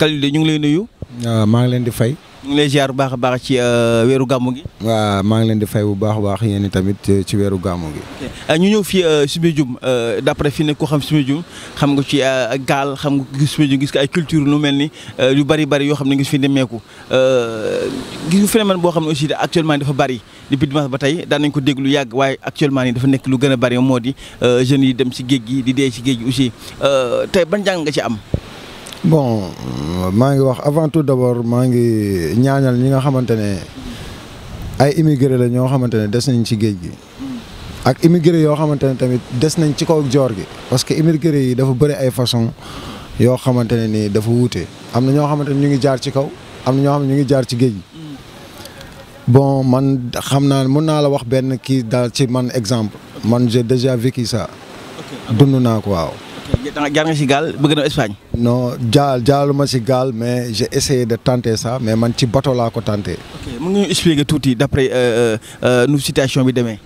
Khalil de ñu ngi lay nuyu Ah, maa ngi leen di fay. ñu ngi bu baax a baax ci euh, weeru gàmmu ngi waaw maa ngi leen di fay bu baax a baax yéen i tamit euh, ci weeru gàmmu gi. Euh, ñu ñëw fii Soumbédioune d'après fi ne ko xam Soumbédioune xam nga ci gaal xam nga gis Soumbédioune gis ko ay culture lu mel ni yu bari bari yoo xam ne gis fi demeeku gis nga phénomène boo xam ne aussi actuellement dafa bari depuis dimanche ba tey daan nañ ko dégg lu yàgg waaye actuellement nii dafa nekk lu gën a bari moo di jeunes yi dem ci géej gi di dee ci géej gi aussi tey ban jàng nga ci am. bon maa ngi wax avant tout d'abord maa ngi ñaañal ñi nga xamante ne ay immigré la ñoo xamante ne des nañ ci géej gi ak immigré yoo xamante ne tamit des nañ ci kaw joor gi parce que immigré yi dafa bëri ay façon yoo xamante ne nii dafa wuute am na ñoo xamante ne ñu ngi jaar ci kaw am na ñoo xam ne ñu ngi jaar ci géej gi bon man xam naa mën naa la wax benn kii daal ci man exemple man j'ai déjà vécu ça dund naa ko waaw jaar nga si gaal bëgg na Espagne. non jaal jaaluma si gaal mais j'ai essayé de tenter ça mais man ci bateau laa ko tenté. ok mën nga tout expliquer tuuti d' après euh, euh, situation bi demee.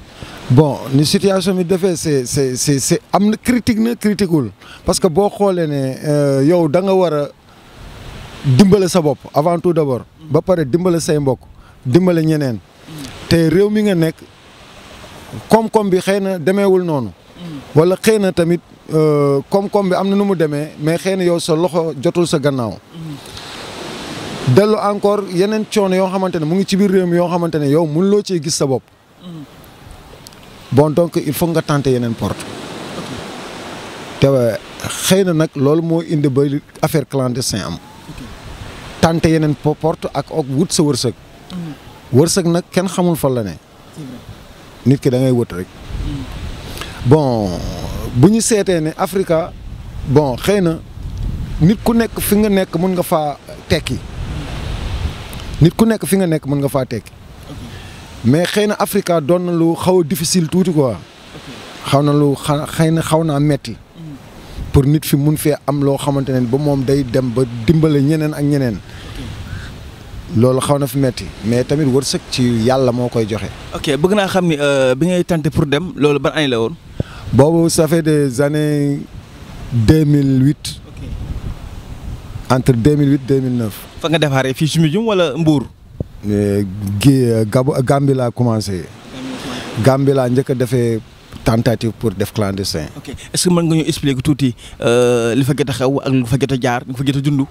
bon ni situation bi defee c'est c'est c'est c'est am na critique na critiquewul parce que boo xoolee ne euh, yow da nga war a dimbale sa bopp avant tout d'abord ba pare dimbale say mbokk dimbale ñeneen te réew mi nga nekk comme koom bi xëy na demeewul noonu mm. wala xëy na tamit Euh, koom-koom bi am na nu mu demee mais xëy na yow sa loxo jotul sa gannaaw. dellu encore yeneen coono yoo xamante ne mu ngi ci biir réew mi yoo xamante ne yow loo cee gis sa bopp. bon donc il faut nga tenter yeneen porte te na nag loolu moo indi ba affaire clandestin am. tenter yeneen porte ak ok wut sa wërsëg. wërsëg nag kenn xamul fa la ne. nit ki da ngay wët rek. bon. bu ñu seetee ne Africa bon xëy na nit ku nekk fi nga nekk mën nga faa tekki nit ku nekk fi nga nekk mën nga faa tekki mais xëy na Africa doon na lu xaw a difficile tuuti quoi xaw na lu xa xëy na xaw naa metti mm. pour nit fi mun fee am loo xamante ne ba moom day dem ba dimbale ñeneen ak ñeneen loolu xaw na fi metti mais tamit wërsëg ci yàlla moo koy joxe. ok bëgg naa xam ni euh, bi ngay tenté pour dem loolu ban année la woon. Bon ça fait des années 2008 entre 2008 2009. fa nga des fii si Mbodium wala Mbour. Eh, gi euh, euh, Gambie a commencé. Gambie laa njëkk a defee tentative pour def clandestin. ok est-ce que vous nga ñu expliquer tout euh, li fa vous avez fait ak li fa jot a jaar li fa a dund.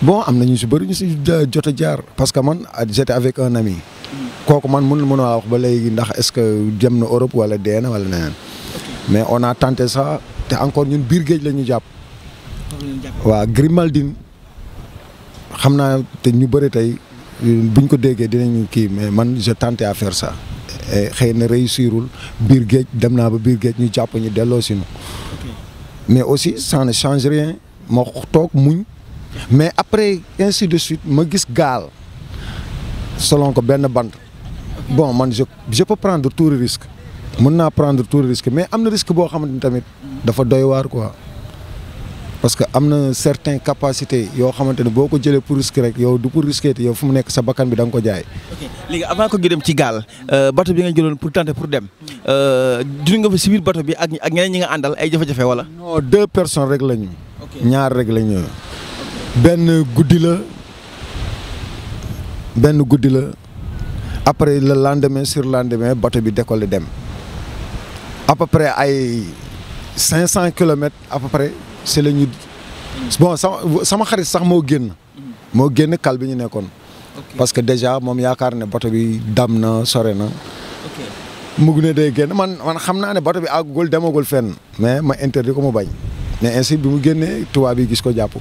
bon am na ñu si ñu si jot parce que man ah, j'étais avec un ami. Quand mm. man mun na mën a wax ba est-ce que j'aime na Europe wala dee ou wala neneen mais on a tenté ça et encore une biir géej la ñu jàpp. grimaldin. Grimaldine xam naa ñu bëré tay buñ ko déggé dinañu ki mais man je tenté à faire ça. et xeyna réussirul biir géej dem ba biir géej ñu japp ñu délo si mais aussi ça ne change rien mo tok muñ. mais après ainsi de suite ma gis gal selon ko ben bande bon man je je peux prendre tout risque. mën naa prendre tout risque mais amna risque bo xamanteni tamit dafa doy war quoi parce que amna certaines certain yo xamanteni boko jëlé ko pour risque rek yow du pour risquer te yow fu mu nekk sa bakkan bi dang ko jaay. ok légui avant ko gi dem ci euh bato bi nga jëlone pour tenter pour dem dund euh, nga fa bato bi ak ak ñeneen nga andal ay jafe-jafe wala. non deux personnes rek lañu ñu. ñaar rek lañu ben benn la ben guddi la après le lendemain sur lendemain bateau bi décoller dem. à peu près ay 500 kilomètres à peu près si la ñu bon sama xarit sax moo génn moo génn kal bi ñu nekkoon parce que déjà moom yaakaar ne bato bi dam na sore na mu ne day génn man man xam naa ne bato bi àggul demagul fenn mais ma interdit ko mu bañ mais ainsi bi mu génnee tubaab yi gis ko jàpp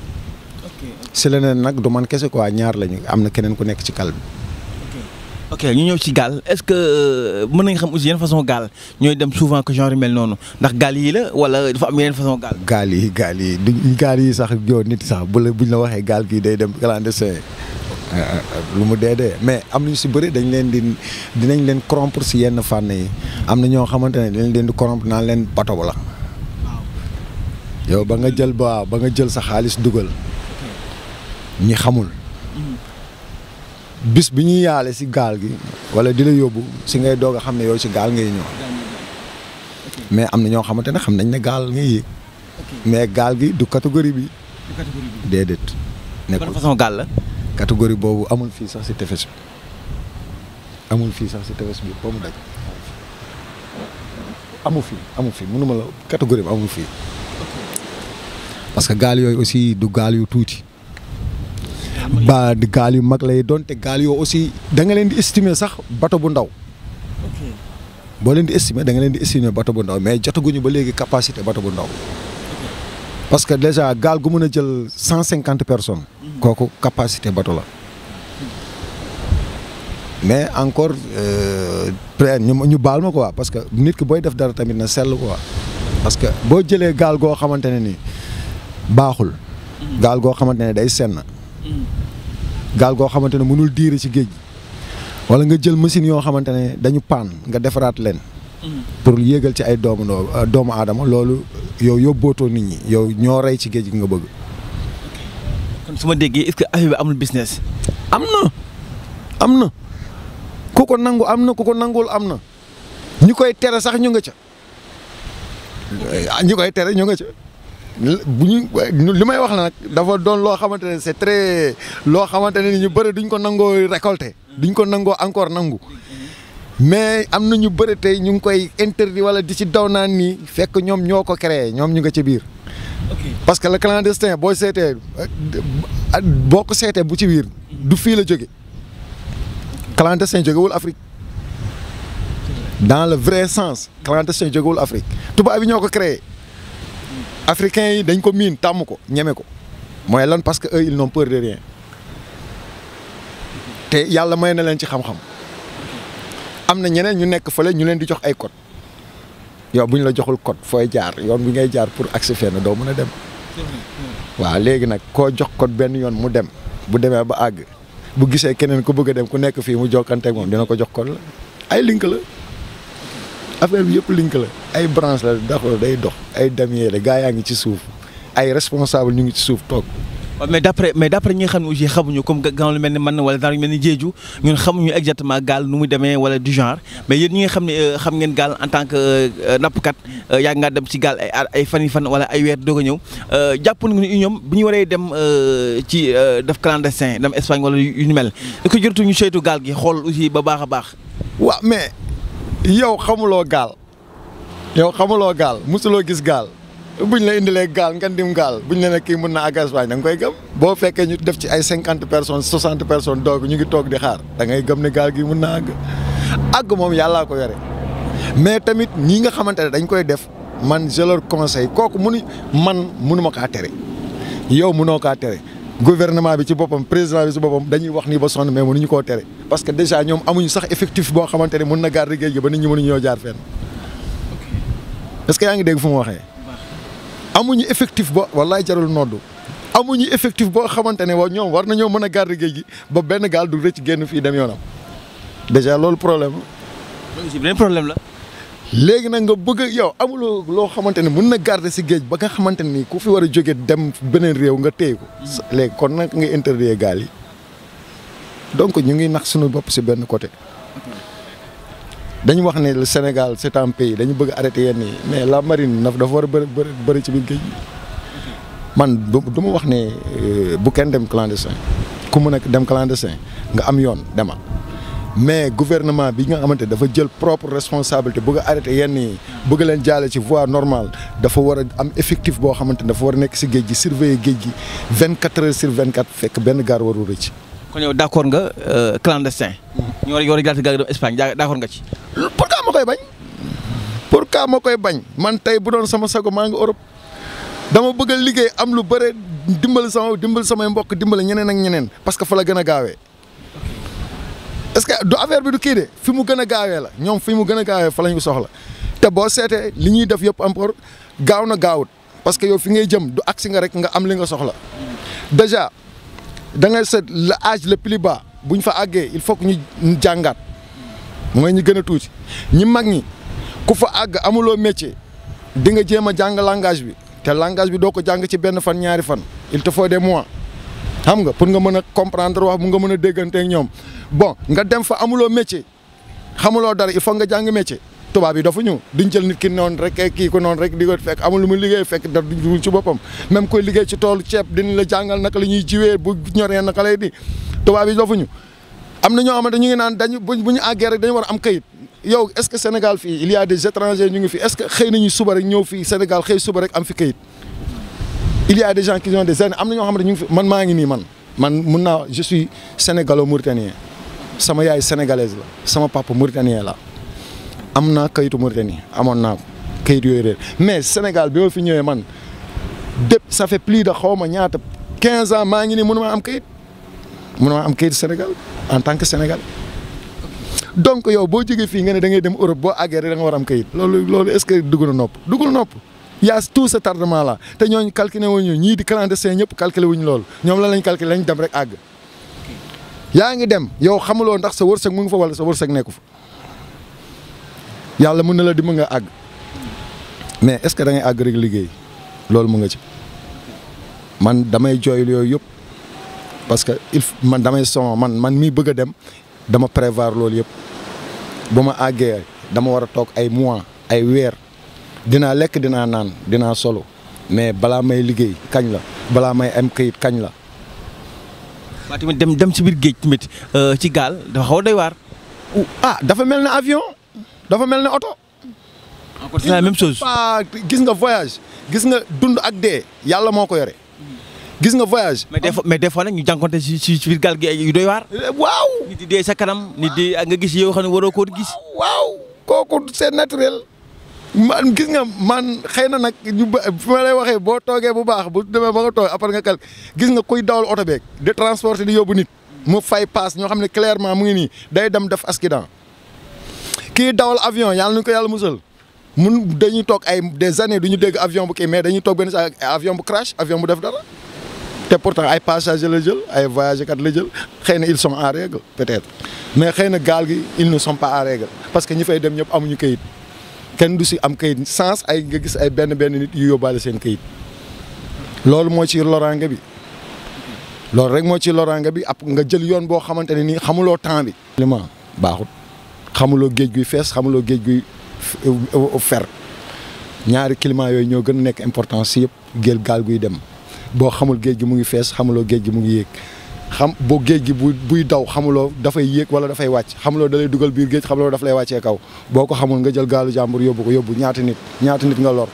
si leneen nag du man kese quoi ñaar lañu am na keneen ku nekk ci kal bi ok ñu ñëw ci gaal est-ce que euh, mën nañ xam aussi yenn façon gaal ñooy dem souvent que genre mel noonu ndax gaal yi la wala dafa am yeneen façon gaal. gaal yi gaal yi duñ gaal yi sax yow nit sax bu la buñ la waxee gaal kii day dem clandestin euh, euh, lu mu dee dee mais am nañu si bëri dañ leen di dinañ leen corrompre si yenn fànn yi am na ñoo xamante ne dinañ leen di corrompre naan leen bato ba la. yow ba nga jël ba ba nga jël sa xaalis dugal ñi xamul. bis bi ñuy yaale si gaal gi wala di la yóbbu si ngay doog a xam ne yow si gaal ngay ñëw mais am na ñoo xamante ne xam nañ ne gaal ngay yéeg mais gaal gi du catégorie bi. du catégorie bi déedéet. nekkul ban gaal la. catégorie boobu amul fii sax si tefes bi amul fii sax si tefes bi ba mu daj. amu fi amu fi mënuma la catégorie bi amul fii. parce que gaal yooyu aussi du gaal yu tuuti. ba gaal yu mag lay doon te gaal yoo aussi da nga leen di estimer sax bato bu ndaw. boo leen di estimer da nga leen di estimer bato bu ndaw mais jotaguñu ba léegi capacité bato bu ndaw. parce que déjà gaal gu mën a jël cent cinquante personnes. Mhm. kooku capacité bato la. mais encore euh, près ñu ñu baal ma quoi parce que nit ki booy def dara tamit na sell quoi. parce que boo jëlee gaal goo xamante ne ni baaxul. Mhm. gaal goo xamante ne day na gaal goo xamante ne mënul diir ci géej gi wala nga jël machine yoo xamante ne dañu paan nga defaraat leen. Mm-hmm. pour yéegal ci ay doomu euh, doomu aadama loolu yow yóbbootoo nit ñi yow ñoo rey ci géej gi nga bëgg. su ma déggee est-ce que affaire bi amul business. am na am na ku ko nangu am na ku ko nanguwul am na ñu koy tere sax ñu nga ca ñu koy tere ñu nga ca. bu ñu li may wax la nag dafa doon loo xamante ne c'est très loo xamante ne ni ñu bëri duñ ko nangoo récolter duñ ko nangoo encore nangu mais am na ñu bëri tey ñu ngi koy interdit wala di ci daw naan nii fekk ñoom ñoo ko créé ñoom ñu nga ci biir. parce que le clandestin boo seetee boo ko seetee bu ci biir du fii la jóge clandestin jógewul Afrique dans le vrai sens clandestin jógewul Afrique tubaab yi ñoo ko créé. africains yi dañ ko miin tàmm ko ñeme ko mooy lan parce que eux ils n'ont peur de rien te yàlla may na leen ci xam-xam am na ñeneen ñu nekk fële ñu leen di jox ay code yow bu ñu la joxul code fooy jaar yoon bi ngay jaar pour accès fenn doo mën a dem waaw léegi nag koo jox code benn yoon mu dem bu demee ba àgg bu gisee keneen ku bëgg dem ku nekk fii mu jokkante ak moom dina ko jox code la ay link la affaire bi yëpp link la ay branche la dax day dox ay damier la gaa yaa ngi ci suuf ay responsable ñu ngi ci suuf toog. mais d'après mais d'après ñu nga xam xamuñu comme gaaw lu mel ni man wala dara lu mel ni jéeju ñun xamuñu exactement gaal nu mu demee wala du genre mais yéen ñi nga xam ne euh, xam ngeen gaal en tant que euh, kat euh, yaa ngaa dem ci gaal ay ay fan yi fan wala ay weer doog a ñëw jàpp nañu ñoom bi ñu waree dem ci def clandestin dem Espagne wala yu ñu mel. da ko jërtu ñu saytu gaal gi xool aussi ba baax a baax. waaw mais. yow xamuloo gaal yow xamuloo gaal musuloo gis gaal buñ la indilee gaal nga dim gaal buñ la ne kii mën naa àgg Espagne da koy gëm. boo fekkee ñu def ci ay cinquante personnes soixante personnes doog ñu ngi toog di xaar dangay ngay gëm ne gaal gi mun na àgg àgg moom yàllaa ko yore mais tamit ñi nga xamante ne dañ koy def man je leur conseille kooku mënu man munuma ma kaa tere yow mënoo kaa tere. gouvernement bi ci boppam président bi ci boppam dañuy wax nii ba sonn mais mënuñu koo tere parce que déjà ñoom amuñu sax effectif boo xamante ne mën na garder géej gi ba nit ñi mënuñoo jaar fenn est-ce que yaa ngi dégg fu mu waxee. amuñu effectif boo wallaay jarul noddu amuñu effectif boo xamante ne wa ñoom war nañoo mën a garder géej gi ba benn gaal du rëcc génn fii dem yoonam déjà loolu problème la. problème la. léegi nag nga bëgg yow amuloo loo xamante ne mën na garde si géej ba nga xamante ni ku fi war a jóge dem beneen réew nga téye ko. Hmm. léegi kon nag nga interdire gaal yi donc ñu ngi nax sunu bopp si benn côté. dañu wax ne le Sénégal c'est un pays dañu bëgg arrêté yenn yi mais la marine dafa war a bëri bëri ci biir géej man du ma wax ne euh, bu kenn dem clandestin ku mën a dem clandestin nga am yoon demal. mais gouvernement bi nga xamante dafa jël propre responsabilité bëgg a arrêté yenn yi bëgg leen jaale ci voie normal dafa war am effectif boo xamante dafa war a nekk si géej gi surveiller géej gi vingt quatre heures sur vingt quatre fekk benn gaar waru rëcc. kon yow d' accord nga euh, clandestin. ñu war a yor gàtt gaal dem Espagne d' accord nga ci. pourquoi ma koy bañ. pourquoi ma koy bañ man tey bu doon sama sago maa ngi Europe dama bëgg liggéey am lu bëre dimbal sama dimbal samay mbokk dimbal ñeneen ak ñeneen parce que fa la gën a gaawee. est-ce que du affaire bi du kii de fi mu gën a gaawee la ñoom fi mu gën a gaawee fa la ñu soxla te boo seetee li ñuy def yëpp encore gaaw na gaawut parce que yow fi ngay jëm du agsi nga rek nga am li nga soxla déjà da ngay seet le âge le plus bas bu ñu fa àggee il faut que ñu jàngaat mooy ñu gën a tuuti ñi mag ñi ku fa àgg amuloo métier di nga jéem a jàng langage bi te langage bi doo ko jàng ci benn fan ñaari fan il te faut des mois. xam nga pour nga mën a comprendre wax bu nga mën a dégganteeg ñoom bon nga dem fa amuloo métier xamuloo dara il faut nga jàng métier tubaab yi dafa ñu duñ jël nit ki noonu rek eh, kii ko noonu rek di ko fekk amul lu mu liggéey fekk dara duñ ci boppam même koy liggéey ci toolu ceeb dinañ la jàngal naka la ñuy jiwee ñoree naka lay di tubaab yi dafa ñu am na ñoo xamante ñu ngi naan dañu bu ñu àggee rek dañu war am kayit yow est-ce que Sénégal fii il y des étrangers ñu ngi fi est-ce que xëy nañu suba rek ñëw fii Sénégal xëy suba rek am fi kayit il y a des gens qui ont des années je suis sénégalo mauritanien Je suis sénégalaise Je sama papa mauritanien la suis naa kayitu Sénégal ça fait plus de 15 ans que ngi suis mënu Sénégal en tant que Sénégal donc yow tu es nga da ngay dem Europe est-ce que yas tu tout ce tardement là té ñoo calculé wuñu ñi di clandestin ñep calculé wuñu lool ñom la lañ calculé lañ dem rek ag ya ngi dem yow xamulo ndax sa wërseuk mu ngi fa wala sa wërseuk nekku fa yalla mën la di nga ag mais est ce que da ngay ag rek liggéey lool mu nga ci man damay joy yoy yep parce que il man damay son man man mi bëgg dem dama prévoir lool yep buma agé dama wara tok ay mois ay wèr dinaa lekk dinaa naan dinaa solo mais balaa may liggéey kañ la balaa may am këyit kañ la. waa tamit dem dem ci biir géej tamit euh, ci gaal dafa xaw a doy waar. ah dafa mel ne avion dafa mel ne oto. encore c'est la même chose. Ah, gis nga voyage gis nga dund ak dee yàlla moo ko yore. gis nga voyage. mais des fois ñu jànkonte si si biir gaal gi yu doy waar. Eh, waaw nit di sa kanam. nit di nga gis yow xam ne waroo koo gis. waaw kooku c'est naturel. man gis nga man xëy na nag ñu ba fi ma lay waxee boo toogee bu baax bu demee ba nga toog après nga kal gis nga kuy dawal oto beeg de transporter di yóbbu nit mu fay paas ñoo xam ne clairement mu ngi nii day dem def accident kii dawal avion yàlla nañu ko yàlla musal mun dañuy toog ay des années du ñu dégg avion bu kii mais dañuy toog benn sa avion bu crash avion bu def dara te pourtant ay passager la jël ay voyageurs kat la jël xëy na ils sont en règle peut-être mais xëy na gaal gi ils ne sont parce que ñi fay dem ñëpp amuñu kayit. kenn du si am kayit sans ay nga gis ay benn benn nit yu yóbbaale seen kayit loolu moo ci loraange bi loolu rek moo ci loraange bi ab nga jël yoon boo xamante ne nii xamuloo temps bi. climat baaxut xamuloo géej guy fees xamuloo géej guy fer ñaari climat yooyu ñoo gën a nekk importance si yëpp géej gaal guy dem boo xamul géej gi mu ngi fees xamuloo géej gi mu ngi yéeg. xam bo geej gi buy daw da fay yek wala dafay wàcc xamuloo da lay dugal biir geej xamulo da fay wàccee kaw boko xamul nga jël galu jambour yobbu ko yobbu ñaata nit ñaata nit nga lor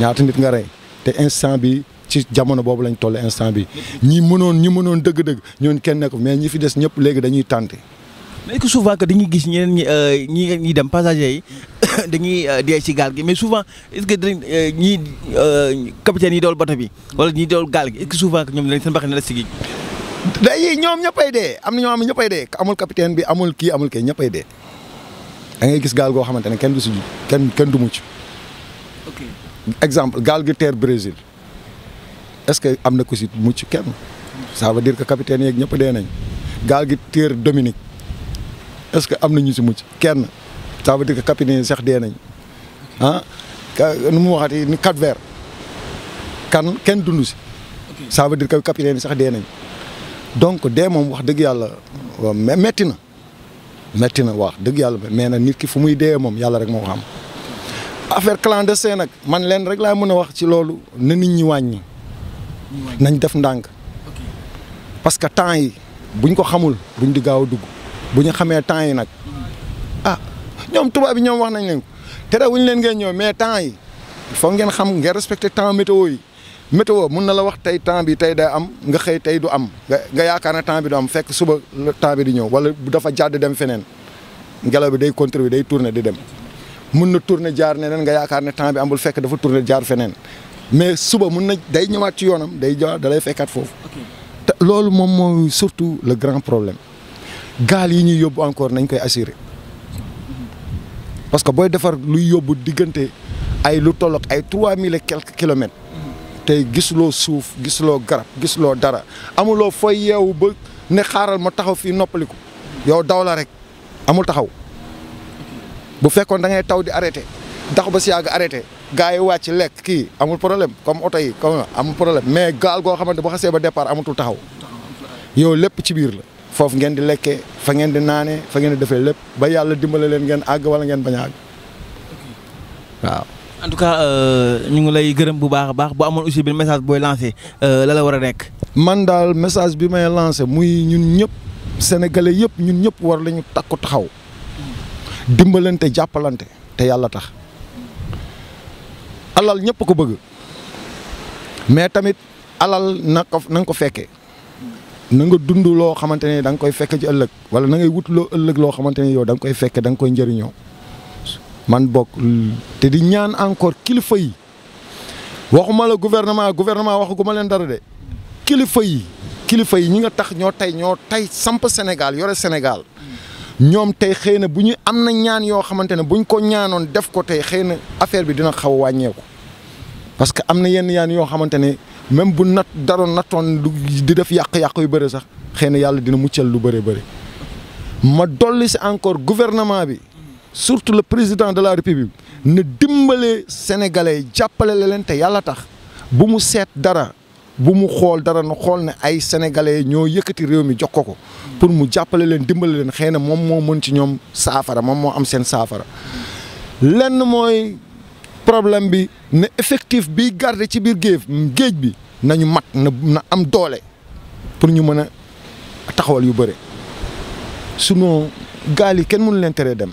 ñaata nit nga ray te instant bi ci jamono bobu lañ toll instant bi ñi mënon ñi mënon deug deug ñoon kenn ne mais ñi fi dess ñep légui dañuy tanté mais que souvent que dañuy gis ñeneen ñi euh, ñi ñi dem passager yi dañuy euh, dee ci gal gi mais souvent est ce que euh, ñi capitaine yi dool bato bi wala ñi dool gal gi est ce que souvent que ñom lañ seen baxee la sigi day ñoom ñëppay dee am na ñoo xam ne ñëppay dee amul capitaine bi amul kii amul kii ñëppay da ngay gis gaal goo xamante ne kenn du si kenn kenn du mucc ok exemple gaal gi teer Brésil est-ce que am na ku si mucc kenn ça veut dire que capitaine yeeg ñëpp dee nañ gaal gi teer Dominique est-ce que am na ñu si mucc kenn ça veut dire yi sax dee nañ ah nu mu waxati ni Cap-Vert kan kenn dund si ça veut dire que capitaine yi sax dee nañ. donc dee moom wax dëgg yàlla metti na metti na wax dëgg yàlla mais nag nit ki fu muy dee moom rek moo xam affaire clandestin man len rek laa mën wax ci loolu na nit ñi wàññi nañ def ndànk parce que temps yi buñ ko xamul buñ di gaaw dugg bu ñu temps yi nag ah ñoom tubaab yi ñoom wax nañ leen ko tere wuñ leen ngeen ñëw mais temps yi ngeen xam ngeen temps météo yi météo mën na la wax tay temps bi tay day am nga xey tay du am nga nga yaakaar temps bi du am fekk suba temps bi di ñëw wala dafa jadd dem feneen ngelaw bi day contribuer day tourner di dem mën na tourner jaar neneen nga yaakaar ne temps bi amul fekk dafa tourner jaar feneen mais suba mën na day ñëwaat ci yoonam day jaar dalay fekkat fekkaat foofu te loolu moom mooy surtout le grand problème gaal yi ñuy yóbbu encore nañ koy assurer parce que booy defar luy yóbbu diggante ay lu tolloog ay 3000 et quelques kilomètres tey gisuloo suuf gisuloo garab gisuloo dara amuloo fooy yeewu ba ne xaaral ma taxaw fii noppaliku yow daw la rek amul taxaw bu fekkoon da ngay taw di arrêté dax ba si àgg arrêté gars yi wàcc lekk kii amul problème comme oto yi comme amul problème mais gaal goo xamante bu xasee ba départ amatul taxaw yow lépp ci biir la foofu ngeen di lekkee fa ngeen di naanee fa ngeen di defee lépp ba yàlla dimbale leen ngeen àgg wala ngeen bañ àgg waaw en tout cas euh, ñu ngi lay gërëm bu baax a baax bu amoon aussi benn message booy lancé euh, la war a nekk. man daal message bi may lancé muy ñun ñëpp sénégalais yëpp ñun ñëpp war lañu takku taxaw dimbalante jàppalante te yàlla tax alal ñëpp ko bëgg mais tamit alal na ko na nga ko fekkee na nga dund loo xamante ne da nga koy fekke ci ëllëg wala na ngay wut loo ëllëg loo xamante ne yow da nga koy fekkee danga koy njëriñoo. man bokk te di ñaan encore kilifa yi waxuma la gouvernement gouvernement waxaguma leen dara de kilifa yi kilifa yi ñi nga tax ñoo tey ñoo tey samp Sénégal yore Sénégal ñoom tey xëy na bu ñu am na ñaan yoo xamante ne buñ ko ñaanoon def ko tey xëy na affaire bi dina xaw wàññeeku parce que am na yenn yaan yoo xamante ne même bu nat daroon nattoon di def yàq-yàq yu bëri sax xëy na yàlla dina muccal lu bëri bëri ma dolli si encore gouvernement bi surtout le président de la république na dimbalee sénégalais yi jàppale leen te yàlla tax bu mu seet dara bu mu xool dara na xool ne ay sénégalais ñoo yëkkati réew mi jox ko ko pour mu jàppale leen dimbale leen xëy na moom moo mën ci ñoom saafara moom moo am seen saafara lenn mooy problème bi ne effectif bi garder ci biir géej géej bi nañu mat na na am doole pour ñu mën a taxawal yu bëri sinon gaal yi kenn mënu leen teree dem.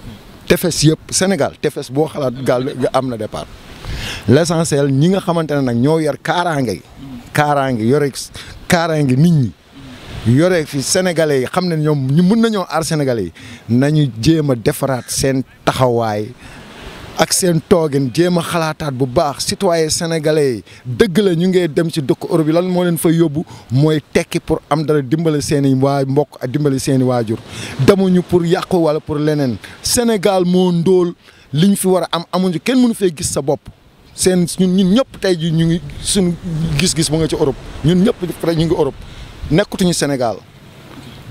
tefes yëpp Sénégal tefes boo xalaat gaal am na départ l'essentiel ñi nga xamante ne nag ñoo yor kaaraange yi kaaraange yore kaaraange nit ñi yore fi sénégalais yi xam na ñoom mun na nañoo aar sénégalais yi nañu jéem a defaraat seen taxawaay ak seen toogin jéem a xalaataat bu baax citoyen sénégalais yi dëgg la ñu ngee dem ci dëkk Europe yi lan moo leen fa yóbbu mooy tekki pour am dara dimbali seeni i waa mbokk ak dimbali seeni i waajur demuñu pour yàqu wala pour leneen Sénégal moo ndóol ñu fi war a am amuñu kenn mënu fee gis sa bopp seen ñun ñun ñëpp tey ji ñu ngi suñu gis-gis mu nga ci Europe ñun ñëpp ñu ngi Europe nekkutuñu Sénégal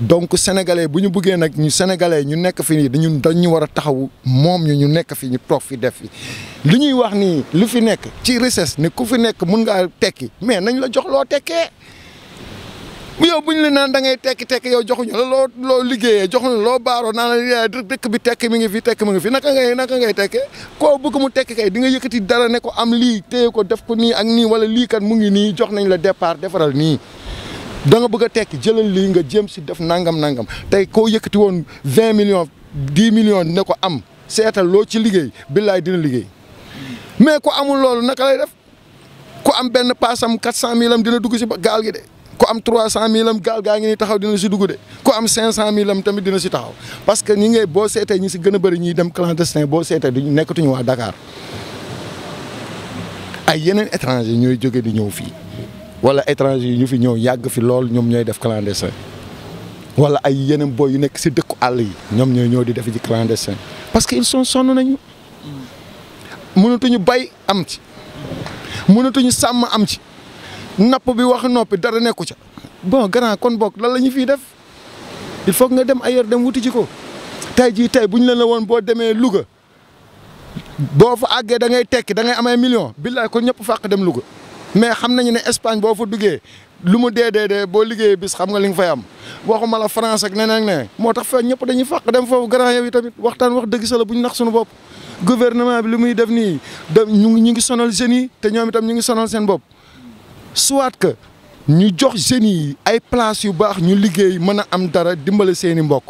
donc sénégalais bu ñu bëggee nag ñu sénégalais ñu nekk fi nii dañu dañu war a taxaw moom ñu ñu nekk fi ñu toog fi def fi li ñuy wax nii lu fi nekk ci richesse ne ku fi nekk mun nga tekki mais nañ la jox loo tekkee yow bu ñu la naan da ngay tekki tekki yow joxuñu loo loo liggéeyee joxuñu loo baaroo naan dëkk bi tekki mi ngi fi tekki mi fi naka ngay naka ngay tekkee koo bëgg mu tekki kay di nga yëkkati dara ne ko am lii téye ko def ko nii ak nii wala lii kat mu ngi nii jox nañ la départ defaral nii. da nga bëgg a tekki jëlal lii nga jéem si def nangam nangam tey koo yëkkati woon vingt million dix million dina ko am seetal loo ci liggéey billaay dina liggéey mais ko amul loolu naka lay def ko am benn paasam quatre cent mille am dina dugg si gaal gi de ku am trois cent mille am gaal gaa ngi taxaw dina si dugg de ku am cinq cent mille tamit dina si taxaw parce que ñi ngay boo seetee ñi si gën a bëri ñuy dem clandestin boo seetee duñ nekkatuñu waa Dakar ay yeneen étranger ñooy jóge di ñëw fii wala étranger yi ñu fi ñëw yàgg fi lool ñoom ñooy def clandestin wala ay yeneen boy yu nekk si dëkku àll yi ñoom ñooy ñëw di def ci clandestin parce que ils sont sonn nañu mënatuñu bay am ci mënatuñu sàmm am ci napp bi wax noppi dara nekku ca bon grand kon boog lan la ñu fiy def il faut nga dem ay ailleurs dem wuti ci ko tey jii tey bu ñu leen la woon boo demee Louga boo fa àggee da ngay tekki dangay amee million billaay kon ñëpp fàq dem Louga. mais xam nañu ne Espagne boo fa duggee lu mu dee dee dee boo liggéeyee bis xam nga li nga fay am waxuma la France ak neneen ne moo tax fa ñëpp dañuy fàq dem foofu grand yow yi tamit waxtaan wax dëgg sa la bu ñu nax suñu bopp. gouvernement bi li muy def nii de ñu ngi ñu ngi sonal jeunes yi te ñoom itam ñu ngi sonal seen bopp soit que ñu jox jeunes yi ay place yu baax ñu liggéey mën a am dara dimbale seen i mbokk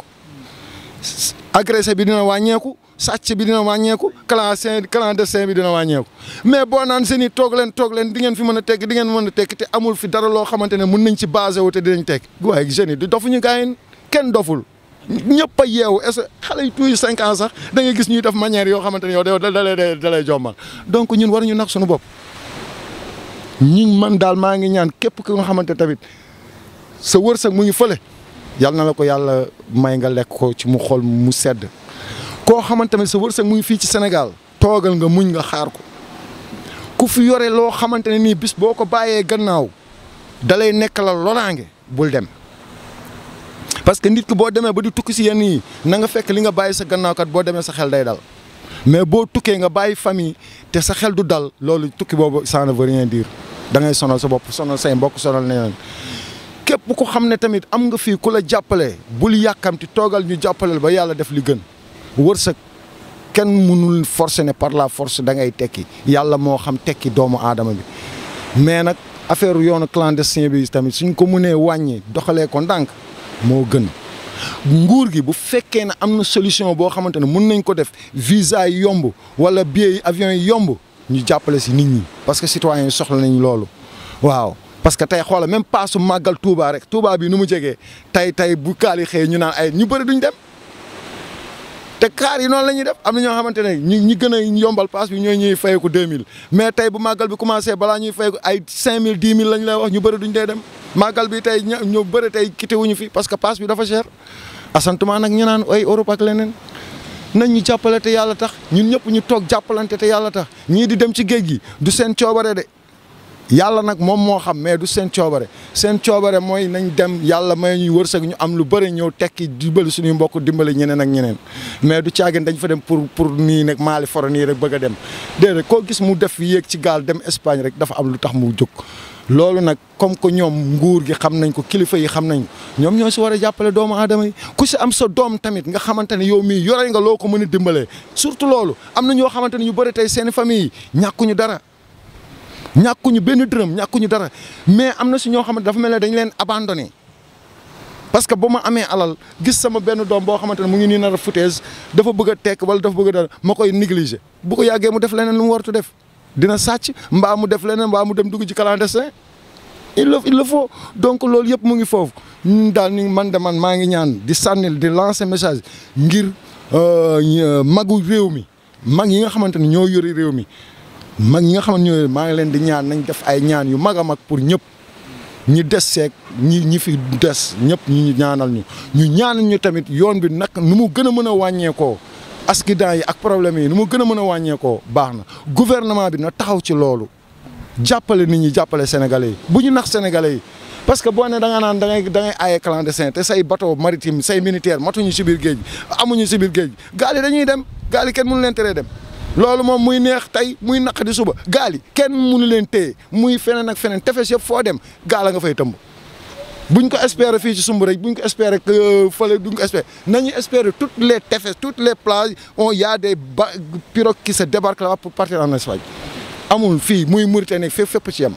agressé bi dina wàññeeku. sàcc bi dina wàññeeku clandestin clandestin bi dina wàññeeku mais boo naan seen i toog leen toog leen di ngeen fi mën a tekki di ngeen mën a tekki te amul fi dara loo xamante ne mën nañ ci basé wu te dinañ tekki waaye jeunes yi di dofuñu gars yi kenn doful ñëpp a yeewu est xale yu tuuti sax da ngay ñuy def manière yoo xamante ne yow da dalay da lay jommal donc ñun waruñu nax suñu bopp man daal maa ngi ñaan képp ki nga xamante tamit sa wërsëg mu ngi fële yàlla na la ko yàlla may nga lekk ko ci mu xol mu sedd koo xamante ne sa wërsëg muy fii ci senegal toogal nga muñ nga xaar ko ku fi yore loo xamante ne nii bis boo ko bàyyee gannaaw dalay nekk la loraange bul dem parce que nit ki boo demee ba di tukki si yenn yi na nga fekk li nga bàyyi sa gannaawkat boo demee sa xel day dal mais boo tukkee nga bàyyi famille te sa xel du dal loolu tukki boobu ça ne diir dangay sonol sa bopp sonal say mbokk sonal na yoon képp ko xam ne tamit am nga fii ku la jàppale bul yàkkamti toogal ñu jàppaleel ba yàlla def li gën. wërsëg kenn mënul forcer ne par la force da ngay tekki yàlla moo xam tekki doomu aadama bi mais nag affaire yoonu clandestin bi tamit suñ ko mënee wàññi doxalee ko ndànk moo gën nguur gi bu fekkee ne am na solution boo xamante ne mën nañ ko def visa yi yomb wala billet yi avion yi yomb ñu jàppale si nit ñi parce que citoyens yi soxla nañ loolu waaw parce que tey xoola même paasu màggal Touba rek Touba bi nu mu jegee tey tey bu kaali xëy ñu naan ay ñu bëri duñ dem te kaar yi noonu la ñuy def am na ñoo xamante ne ñi ñi gën a yombal paas bi ñooy ñuy fayeku 2000 mais tey bu màggal bi commencé balaa ñuy fayeku ay 5000 10000 lañ lay wax ñu bëri duñ dee dem màggal bi tey ñu bëri tey quitté wuñu fi parce que paas bi dafa cher asantuma nag ñu naan ay Europe ak leneen nañ ñu jàppale te yàlla tax ñun ñëpp ñu toog jàppalante te yàlla tax ñii di dem ci géej gi du seen coobare de yàlla nag moom moo xam mais du seen coobare seen coobare mooy nañ dem yàlla may ñuy wërsëg ñu am lu bari ñëw tekki dimbali suñuy mbokk dimbali ñeneen ak ñeneen mais du caagin dañ fa dem pour pour nii nag maali foro nii rek bëgg a dem déedéet ko gis mu def yéeg ci gaal dem Espagne rek dafa am lu tax mu jóg loolu nag comme que ñoom nguur gi xam nañ ko kilifa yi xam nañ ñoom ñoo si war a jàppale doomu aadama yi ku si am sa doom tamit nga xamante ne yow mii yore nga loo ko mën a dimbalee surtout loolu am na ñoo xamante ne ñu bëri tey seen famille ñàkkuñu dara ñàkkuñu benn dërëm ñàkkuñu dara mais amna na si ñoo xamanteni dafa melni dañ leen abandonné parce que buma amé alal gis sama benn doom bo xamanteni mu ngi ni nara footage dafa bëgg tek wala dafa bëgg dara makoy négliger bu ko yagge mu def leneen lu mu wartu def dina sacc mba mu def leneen mba mu dem dugg ci clandestin il le il le faut donc lool yëpp mu ngi fofu ñun ni man de man ma ngi ñaan di sanel di lancer message ngir euh, magu réew mi mag yi nga xamanteni ñoo yori mag ñi nga xamante ñooy maa ngi leen di ñaan nañ def ay ñaan yu mag a mag pour ñëpp ñu des seek ñi ñi fi des ñëpp ñu ñaanal ñu ñu ñaanal ñu tamit yoon bi nag nu mu gën a mën a wàññeekoo accident yi ak problème yi nu mu gën a mën a wàññeekoo baax na gouvernement bi na taxaw ci loolu jàppale nit ñi jàppale sénégalais yi bu ñu nax sénégalais yi parce que boo ne da nga naan da ngay da ngay aaye clandestin te say bateau maritime say militaire matuñu si biir géej amuñu si biir géej gaal yi dañuy dem gaal yi kenn mënu leen teree dem loolu moom muy neex tey muy naqadi suba gaal yi kenn mënu leen téye muy feneen ak feneen tefes yëpp foo dem gaal nga fay tëmb buñ ko espérer fii ci sumb rek buñ ko espérer euh, fële duñ ko espérer nañu espérer toutes les tefes toutes les plages on y a des pirogues qui se débarquent là-bas pour partir en Espagne amul fii muy Mauritanie fépp fépp ci yem.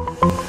Thank you.